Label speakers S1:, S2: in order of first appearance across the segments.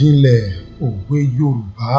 S1: àròjinlẹ̀ òwe Yorùbá.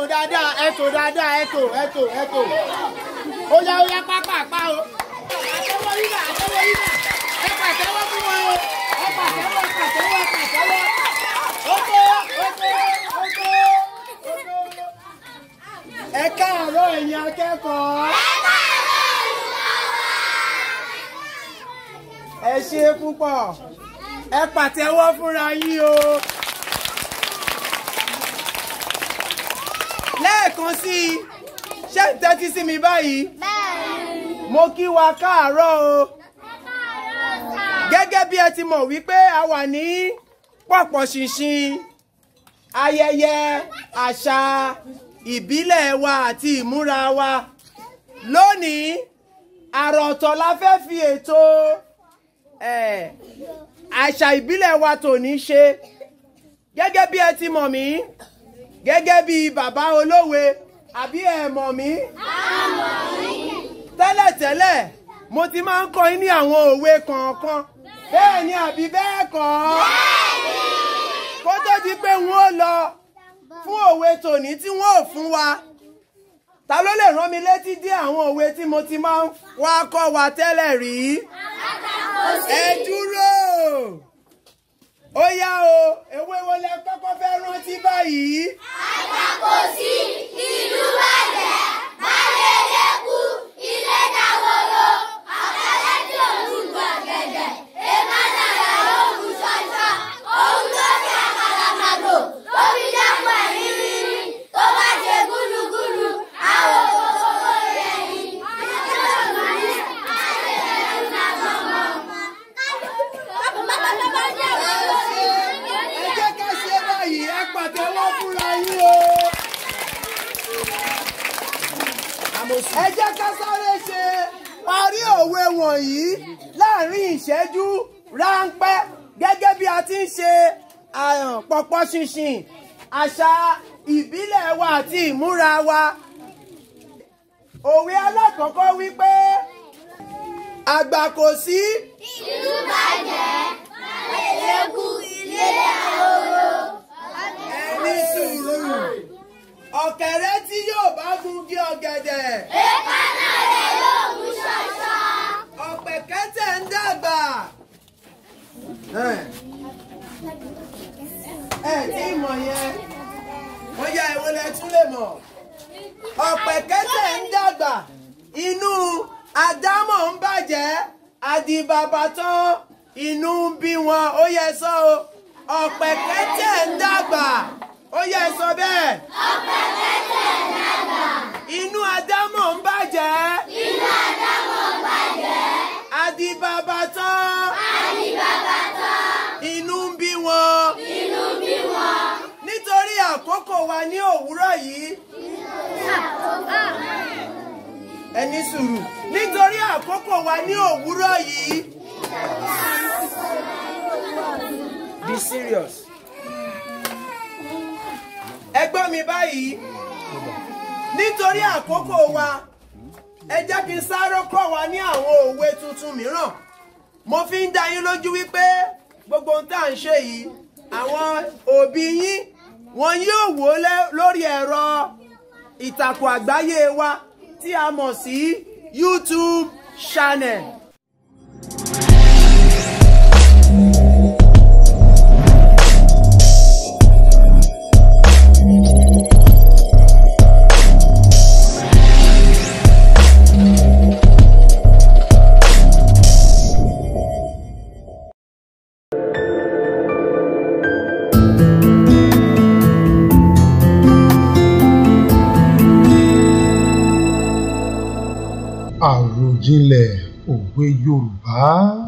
S1: ẹ̀tò dáadáa ẹ̀tò dáadáa ẹ̀tò ẹ̀tò ẹ̀tò ó yá ó yá pápá pa o àtẹ́wọ́ yíyà àtẹ́wọ́ yíyà ẹ pàtẹ́wọ́ fún wọn o ẹ pàtẹ́wọ́ pàtẹ́wọ́ pàtẹ́wọ́ ókè ókè ókè ẹ káàárọ̀ ẹ̀yin akẹ́kọ̀ọ́. ẹ ṣe púpọ̀ ẹ pàtẹ́wọ́ fúnra yín o. lẹ́ẹ̀kan sí i ṣé ń tẹ́tí sí mi báyìí mo kí wa káàárọ̀ o gẹ́gẹ́ bí ẹ ti mọ̀ wípé a wà ní pọ̀pọ̀ ṣinṣin ayẹyẹ àṣà ìbílẹ̀ wa àti ìmúra wa lónìí àròtọ̀ la fẹ́ fi ètò àṣà ìbílẹ̀ wa tòní ṣe gẹ́gẹ́ bí ẹ ti mọ̀ mí gẹ́gẹ́ bí bàbá olówe àbí ẹ mọ̀ mí. tẹ́lẹ̀tẹ́lẹ̀ mo ti máa ń kọ́ yín ní àwọn òwe kọ̀ọ̀kan bẹ́ẹ̀ ni àbí bẹ́ẹ̀ kọ́. kó tó di pé wọ́n ó lọ fún òwe tòní tí wọ́n ò fún wa ta ló lè rán mi létí dé àwọn òwe tí mo ti máa ń wá kọ́ wa tẹ́lẹ̀ rí. ẹ dúró ó yá o ewé wo lẹ kọ́kọ́ fẹ́ rántí báyìí. àtàkùn sí ìlú bàjẹ́. Jésù. ẹ jẹ́ ká sáré ṣe parí òwe wọ̀nyí láàrin ìṣẹ́jú ráńpẹ́ gẹ́gẹ́ bí a ti ń ṣe pọ̀pọ̀ ṣinṣin àṣà ìbílẹ̀ wa àti ìmúra wa. òwe alákọ̀ọ́kọ́ wípé àgbà kò sí. ìlú bàjẹ́ àlejò ilé àwọn. ọ̀kẹ́rẹ́ tí yóò bá gungi ọ̀gẹ̀dẹ̀. èékánná rẹ̀ yóò mú ṣọ̀ṣọ́. ọ̀pẹ̀kẹ́tẹ̀ ń dàgbà. ẹ tí mọ̀ yẹn wọ́n yá ìwé lẹ tún lè mọ̀. ọ̀pẹ̀kẹ́tẹ̀ ń dàgbà inú àdámọ̀ ń bàjẹ́ àdìbàbà tán inú ń bí wọn ó yẹ sọ o ọ̀pẹ̀kẹ́tẹ̀ ń dàgbà ó yẹ sọ bẹ́ẹ̀. ọ̀pẹ lẹ́sẹ̀ dàgbà. inú àdámọ̀ ń bàjẹ́. inú àdámọ̀ ń bàjẹ́. adibaba tán. adibaba tán. inú ń bí wọn. inú ń bí wọn. nítorí àkókò wa ní òwúrọ̀ yìí. ẹni sùúrù nítorí àkókò wa ní òwúrọ̀ yìí. be serious ẹgbọ́n mi báyìí nítorí àkókò wa ẹ jẹ́ kí n sáré kọ́ wa ní àwọn òwe tuntun mìíràn mo fi ń dá yín lójú wípé gbogbo ohun tá à ń ṣe yìí àwọn òbí yín wọn yóò wò ó lórí ẹ̀rọ ìtàkùn àgbáyé wa tí a mọ̀ sí YouTube channel. àròjinlẹ̀ òwe Yorùbá.